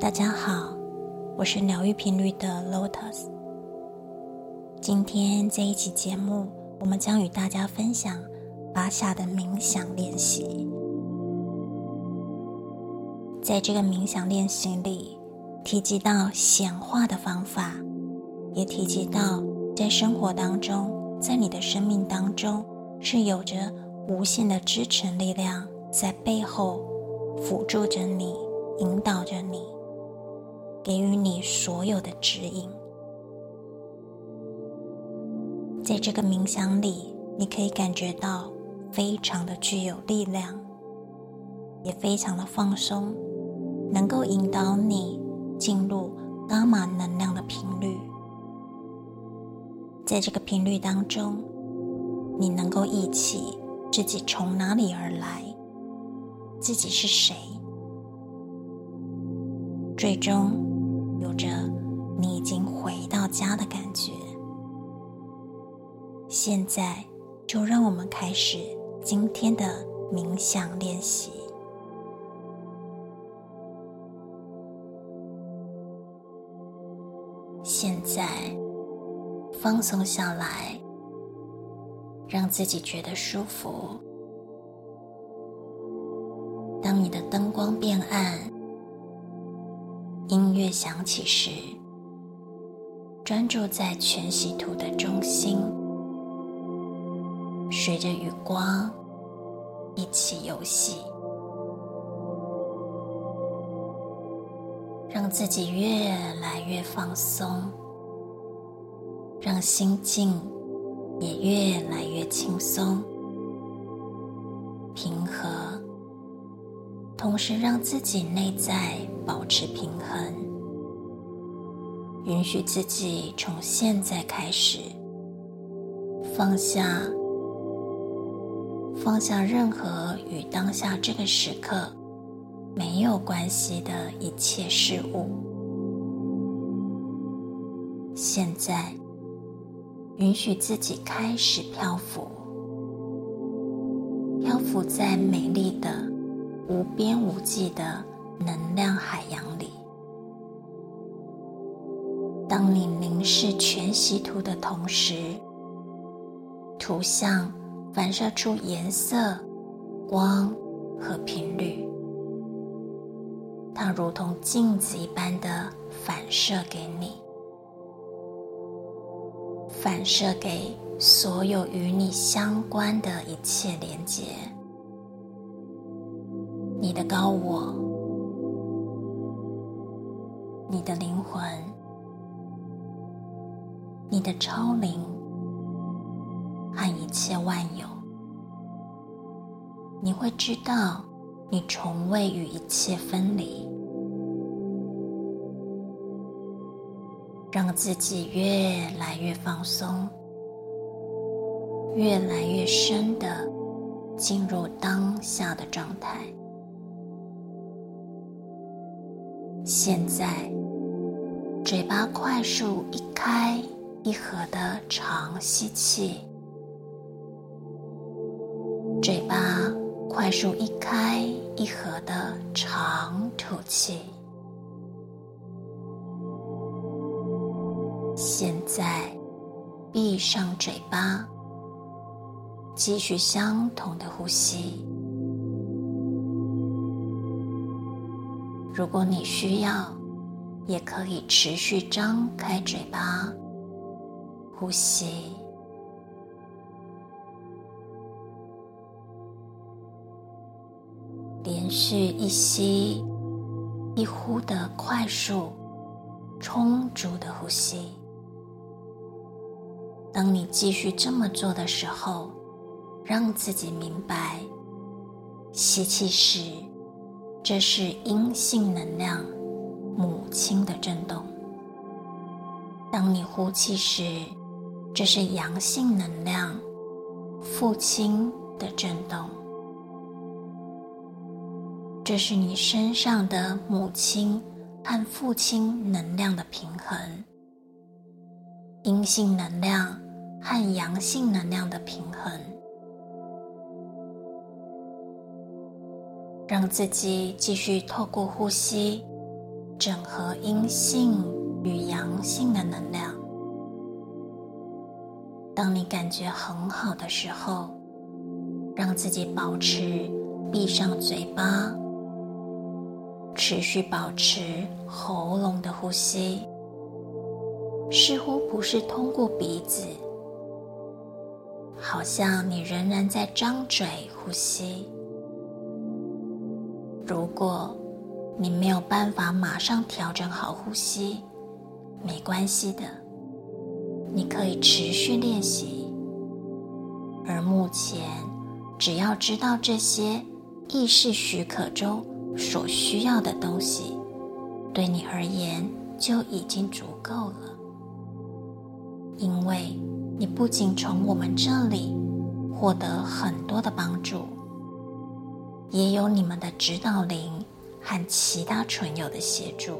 大家好，我是療癒頻率的 Lotus。今天這一期節目，我們將與大家分享巴夏的冥想練習。在這個冥想練習裡，提及到顯化的方法，也提及到在生活當中，在你的生命當中，是有着無限的支持力量在背後輔助着你，引導着你。給予你所有的指引，在這個冥想裡，你可以感覺到非常的具有力量，也非常的放鬆，能夠引導你進入伽馬能量的頻率。在這個頻率當中，你能夠憶起自己從哪裡而來，自己是誰，最終。有着你已經回到家的感覺。現在，就讓我們開始今天的冥想練習。現在，放鬆下來，讓自己覺得舒服。當你的燈光變暗。音樂響起時，專注在全息圖的中心，隨着與光一起遊戲，讓自己越來越放鬆，讓心境也越來越輕鬆、平和，同時讓自己內在。保持平衡，允許自己從現在開始放下，放下任何與當下這個時刻沒有關係的一切事物。現在，允許自己開始漂浮，漂浮在美麗的、無邊無際的能量海洋裡，當你凝視全息圖的同時，圖像反射出顏色、光和頻率，它如同鏡子一般的反射給你，反射給所有與你相關的一切連接，你的高我。你的靈魂、你的超靈和一切萬有，你會知道你從未與一切分離。讓自己越來越放鬆，越來越深的進入當下的狀態。現在，嘴巴快速一開一合的長吸氣，嘴巴快速一開一合的長吐氣。現在，閉上嘴巴，繼續相同的呼吸。如果你需要，也可以持續張開嘴巴呼吸，連續一吸一呼的快速、充足的呼吸。當你繼續這麼做的時候，讓自己明白，吸氣時。這是陰性能量母親的震動。當你呼氣時，這是陽性能量父親的震動。這是你身上的母親和父親能量的平衡，陰性能量和陽性能量的平衡。讓自己繼續透過呼吸整合陰性與陽性的能量。當你感覺很好的時候，讓自己保持閉上嘴巴，持續保持喉嚨的呼吸，似乎不是通過鼻子，好像你仍然在張嘴呼吸。如果你沒有辦法馬上調整好呼吸，沒關係的，你可以持續練習。而目前，只要知道這些意識許可中所需要的東西，對你而言就已經足夠了。因為你不僅從我們這裡獲得很多的幫助。也有你們的指導靈和其他存有的協助。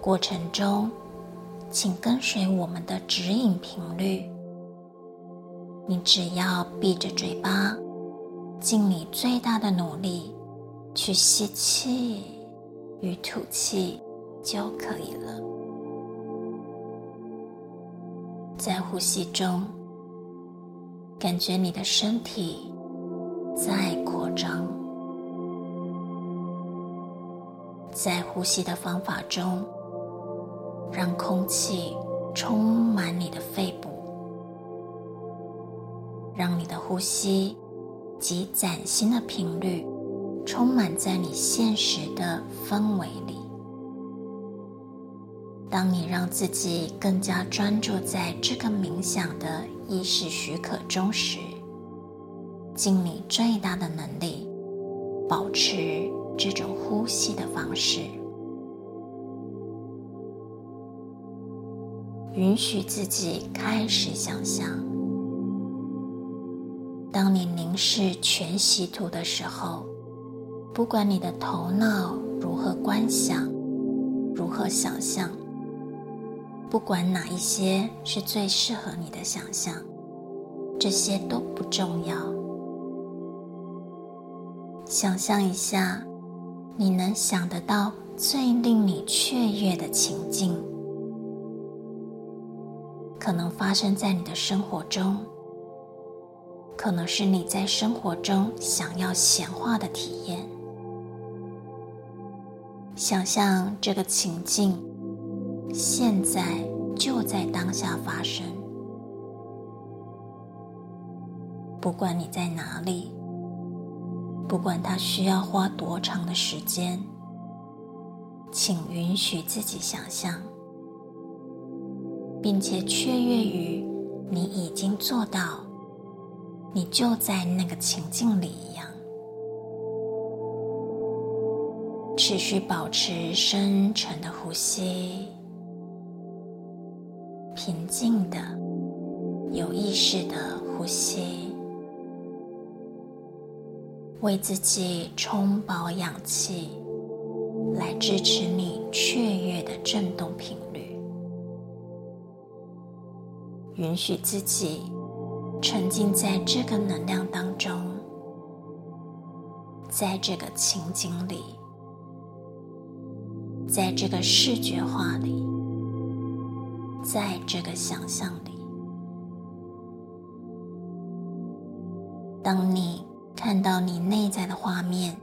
過程中，請跟隨我們的指引頻率。你只要閉着嘴巴，盡你最大的努力去吸氣與吐氣就可以了。在呼吸中，感覺你的身體。再擴張，在呼吸的方法中，讓空氣充滿你的肺部，讓你的呼吸及嶄新的頻率充滿在你現實的氛圍裡。當你讓自己更加專注在這個冥想的意識許可中時。盡你最大的能力，保持這種呼吸的方式，允許自己開始想象。當你凝視全息圖的時候，不管你的頭腦如何觀想，如何想象，不管哪一些是最適合你的想象，這些都不重要。想象一下，你能想得到最令你雀躍的情境，可能發生在你的生活中，可能是你在生活中想要顯化的體驗。想象這個情境，現在就在當下發生，不管你在哪裡。不管他需要花多長的時間，請允許自己想象，並且雀躍於你已經做到，你就在那個情境裡一樣。持續保持深沉的呼吸，平靜的、有意識的呼吸。為自己充飽氧氣，來支持你雀躍的振動頻率。允許自己沉浸在這個能量當中，在這個情景裡，在這個視覺化裡，在這個想象裡，當你看到你內在的畫面，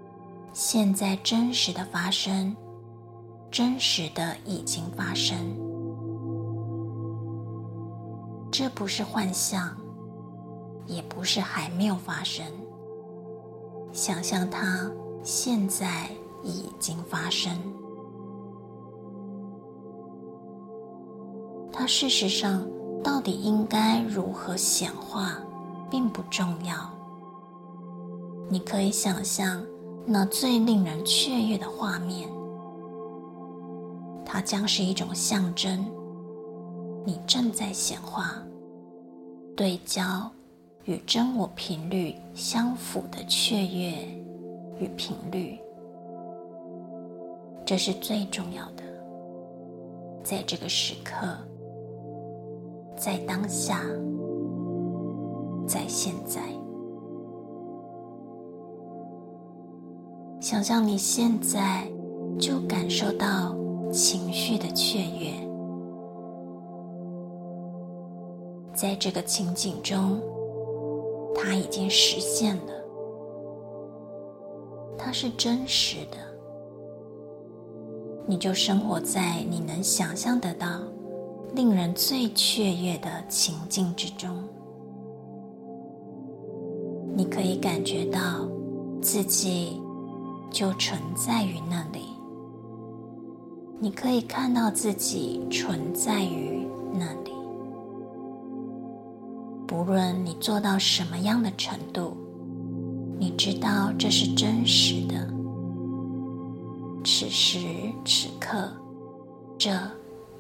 現在真實的發生，真實的已經發生。這不是幻象，也不是還沒有發生。想象它現在已經發生。它事實上到底應該如何顯化，並不重要。你可以想象那最令人雀躍的畫面，它將是一種象徵。你正在顯化對焦與真我頻率相符的雀躍與頻率，這是最重要的。在這個時刻，在當下，在現在。想象你現在就感受到情緒的雀躍，在這個情景中，它已經實現了，它是真實的。你就生活在你能想象得到、令人最雀躍的情境之中，你可以感覺到自己。就存在於那裡，你可以看到自己存在於那裡。不論你做到什麼樣的程度，你知道這是真實的。此時此刻，這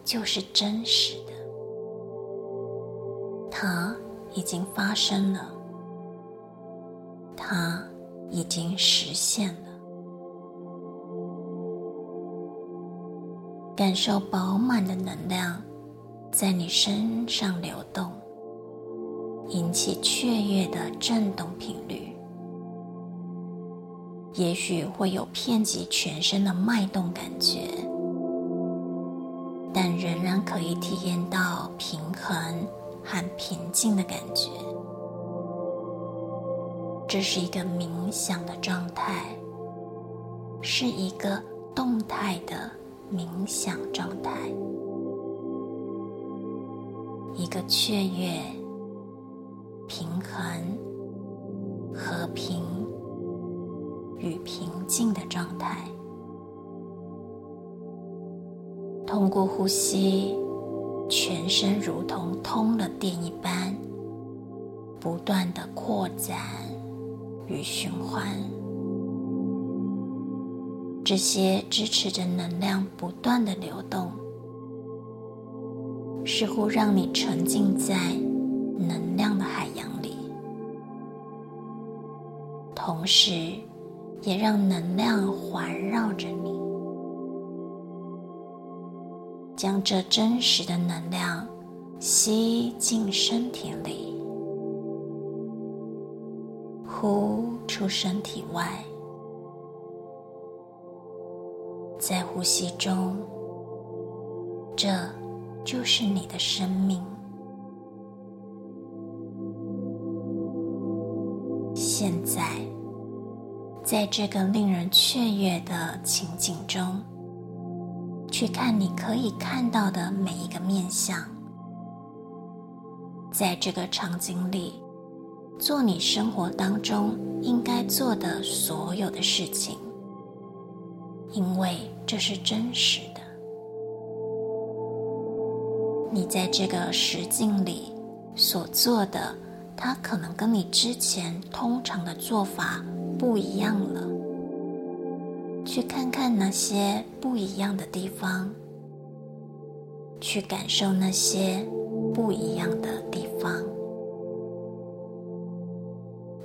就是真實的。它已經發生了，它已經實現了。感受飽滿的能量在你身上流動，引起雀躍的振動頻率。也許會有遍及全身的脈動感覺，但仍然可以體驗到平衡和平靜的感覺。這是一個冥想的狀態，是一個動態的。冥想狀態，一個雀躍、平衡、和平與平靜的狀態。通過呼吸，全身如同通了電一般，不斷地擴展與循環。這些支持着能量不斷的流動，似乎讓你沉浸在能量的海洋裡，同時也讓能量環繞着你，將這真實的能量吸進身體裡，呼出身體外。在呼吸中，這就是你的生命。現在，在這個令人雀躍的情景中，去看你可以看到的每一個面向。在這個場景裡，做你生活當中應該做的所有的事情。因為這是真實的，你在這個實境裡所做的，它可能跟你之前通常的做法不一樣了。去看看那些不一樣的地方，去感受那些不一樣的地方，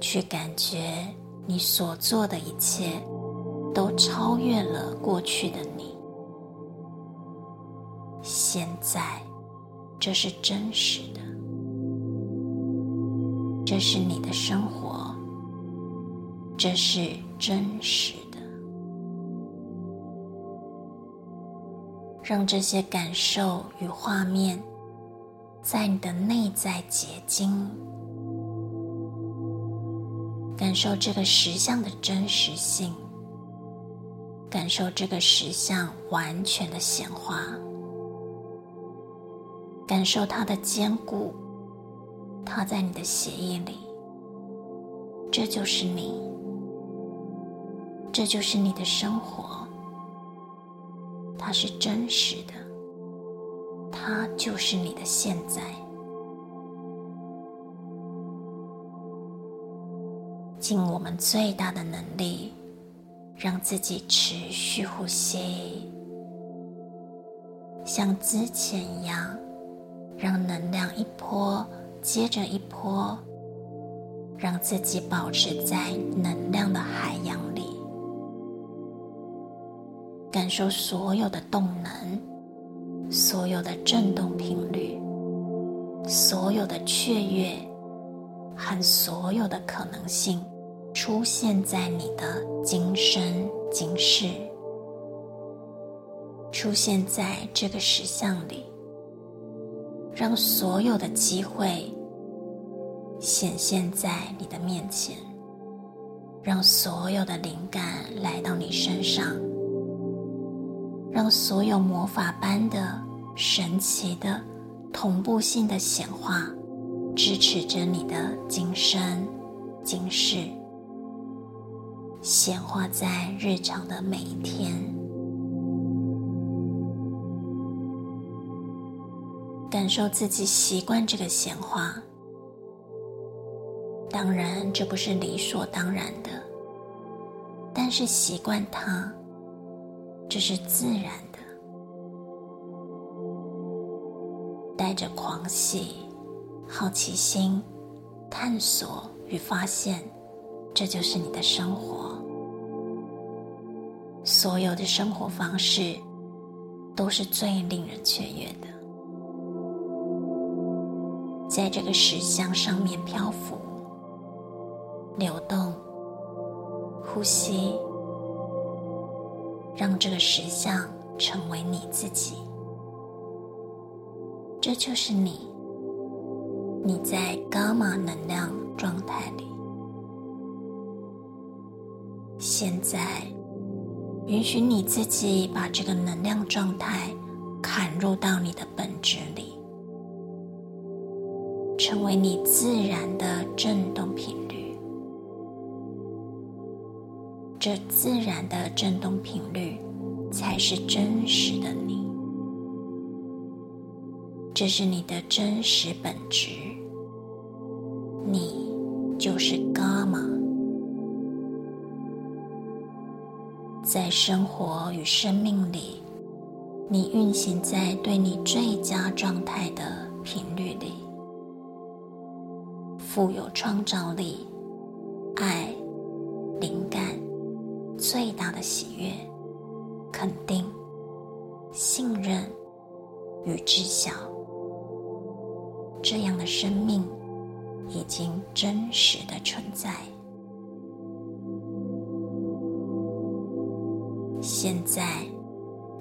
去感覺你所做的一切，都超越了過去的你。現在，這是真實的，這是你的生活，這是真實的。讓這些感受與畫面在你的內在結晶，感受這個實相的真實性。感受這個實相完全的顯化，感受它的堅固，它在你的血液裡。這就是你，這就是你的生活，它是真實的，它就是你的現在。盡我們最大的能力。讓自己持續呼吸，像之前一樣，讓能量一波接着一波，讓自己保持在能量的海洋裡，感受所有的動能、所有的振動頻率、所有的雀躍和所有的可能性。出現在你的今生今世，出現在這個實相裡，讓所有的機會顯現在你的面前，讓所有的靈感來到你身上，讓所有魔法般的、神奇的、同步性的顯化支持着你的今生今世。顯化在日常的每一天，感受自己習慣這個顯化。當然，這不是理所當然的，但是習慣它，這是自然的。帶着狂喜、好奇心、探索與發現，這就是你的生活。所有的生活方式都是最令人雀躍的。在這個石像上面漂浮、流動、呼吸，讓這個石像成為你自己。這就是你。你在伽馬能量狀態裡。現在。允許你自己把這個能量狀態砍入到你的本質裡，成為你自然的振動頻率。這自然的振動頻率才是真實的你，這是你的真實本質。在生活與生命裡，你運行在對你最佳狀態的頻率裡，富有創造力、愛、靈感、最大的喜悅、肯定、信任與知曉，這樣的生命已經真實的存在。現在，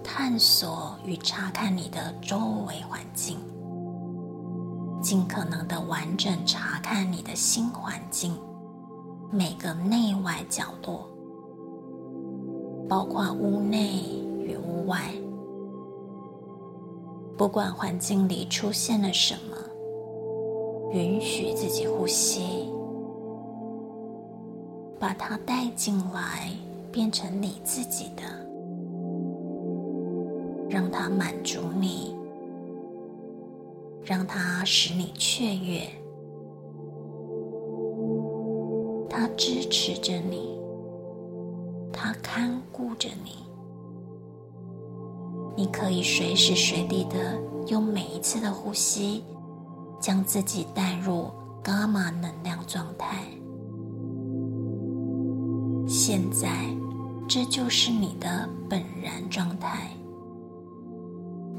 探索與查看你的周圍環境，盡可能地完整查看你的新環境，每個內外角落，包括屋內與屋外。不管環境裡出現了什麼，允許自己呼吸，把它帶進來，變成你自己的。讓它滿足你，讓它使你雀躍，它支持着你，它看顧着你。你可以隨時隨地地用每一次的呼吸，將自己帶入伽馬能量狀態。現在，這就是你的本然狀態。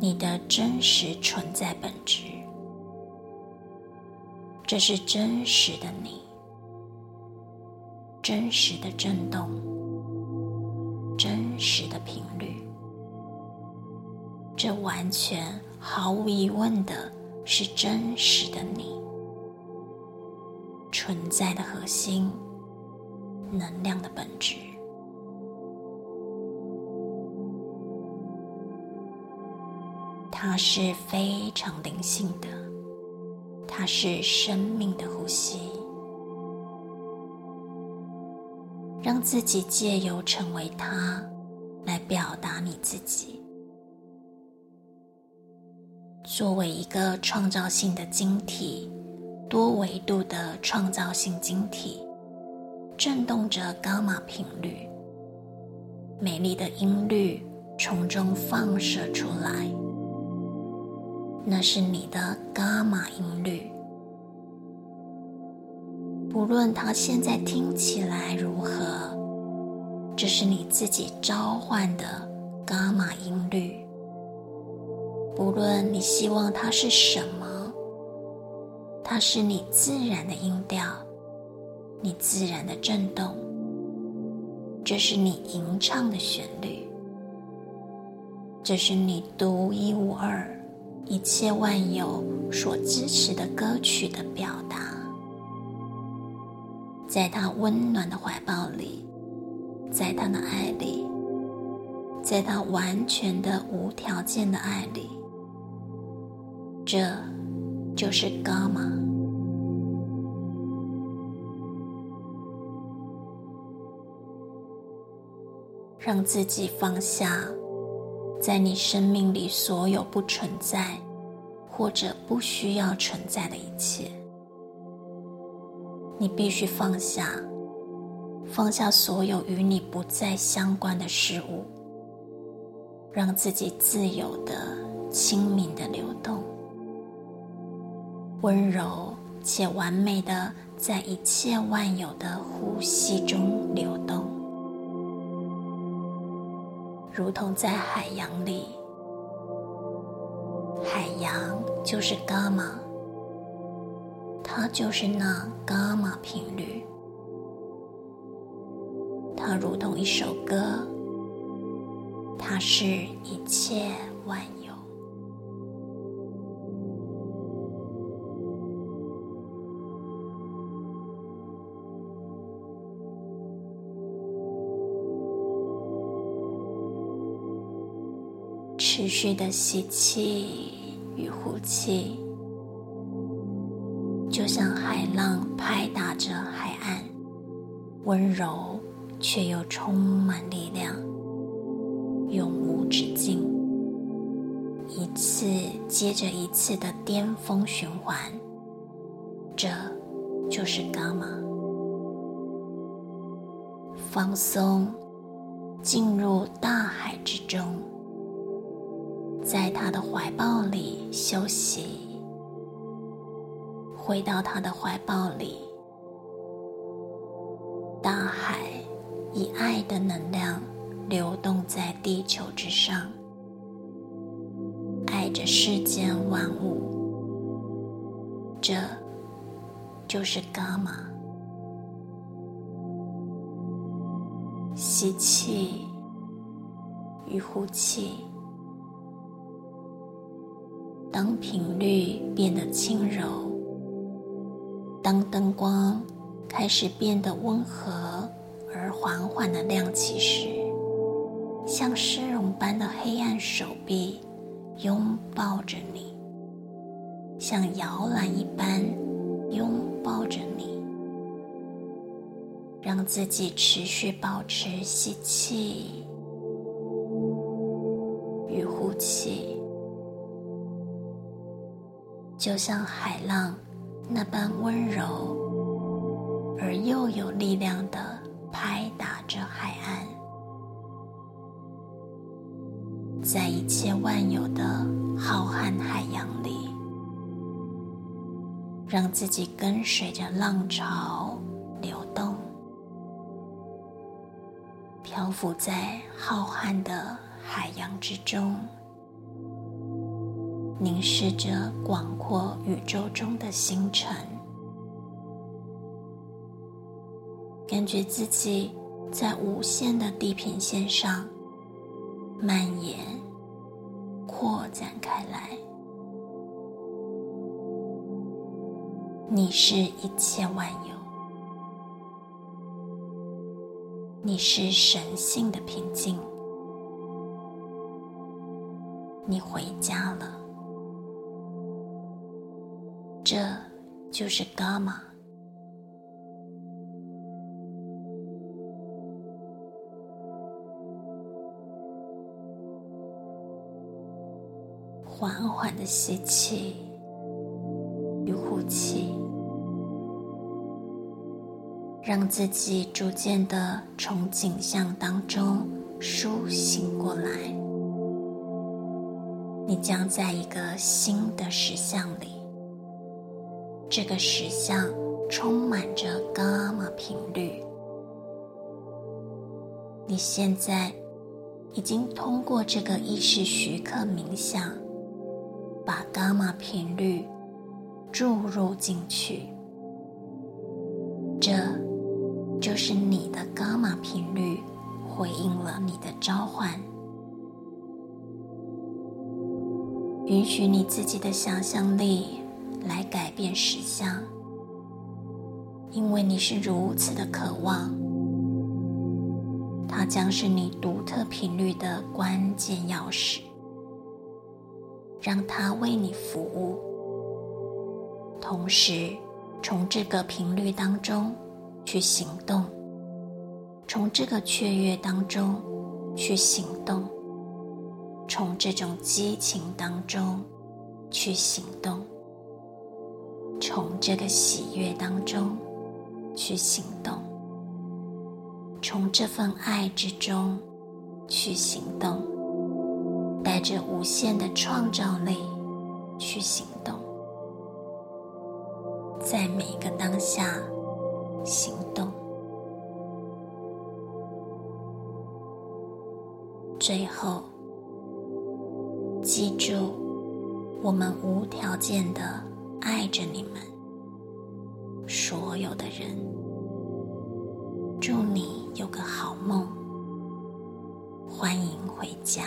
你的真實存在本質，這是真實的你，真實的振動，真實的頻率，這完全毫無疑問的是真實的你存在的核心能量的本質。它是非常靈性的，它是生命的呼吸，讓自己借由成為它來表達你自己，作為一個創造性的晶體，多維度的創造性晶體，震動着伽馬頻率，美麗的音律從中放射出來。那是你的伽馬音律，不論它現在聽起來如何，這是你自己召喚的伽馬音律。不論你希望它是什麼，它是你自然的音調，你自然的震動，這是你吟唱的旋律，這是你獨一無二。一切萬有所支持的歌曲的表達，在他溫暖的懷抱裡，在他的愛裡，在他完全的無條件的愛裡，這就是伽瑪。讓自己放下。在你生命裡，所有不存在或者不需要存在的一切，你必須放下，放下所有與你不再相關的事物，讓自己自由的、清明的流動，溫柔且完美的在一切萬有的呼吸中流動。如同在海洋裡，海洋就是伽馬，它就是那伽馬頻率，它如同一首歌，它是一切萬一。去的吸氣與呼氣，就像海浪拍打着海岸，溫柔卻又充滿力量，永無止境，一次接着一次的巔峰循環。這就是伽馬，放鬆，進入大海之中。在他的懷抱裡休息，回到他的懷抱裡。大海以愛的能量流動在地球之上，愛着世間萬物。這就是伽瑪。吸氣與呼氣。當頻率變得輕柔，當燈光開始變得溫和而緩緩的亮起時，像絲絨般的黑暗手臂擁抱着你，像搖籃一般擁抱着你，讓自己持續保持吸氣與呼氣。就像海浪那般溫柔而又有力量的拍打着海岸，在一切萬有的浩瀚海洋裡，讓自己跟隨着浪潮流動，漂浮在浩瀚的海洋之中。凝視着廣闊宇宙中的星辰，感覺自己在無限的地平線上蔓延、擴展開來。你是一切萬有，你是神性的平靜，你回家了。這就是伽馬。緩緩的吸氣與呼氣，讓自己逐漸的從景象當中甦醒過來。你將在一個新的實相裡。這個實相充滿着伽馬頻率。你現在已經通過這個意識時刻冥想，把伽馬頻率注入進去。這就是你的伽馬頻率回應了你的召喚，允許你自己的想象力。來改變實相，因為你是如此的渴望，它將是你獨特頻率的關鍵鑰匙。讓它為你服務，同時從這個頻率當中去行動，從這個雀躍當中去行動，從這種激情當中去行動。從這個喜悅當中去行動，從這份愛之中去行動，帶着無限的創造力去行動，在每個當下行動。最後，記住，我們無條件的。愛着你們所有的人，祝你有個好夢，歡迎回家。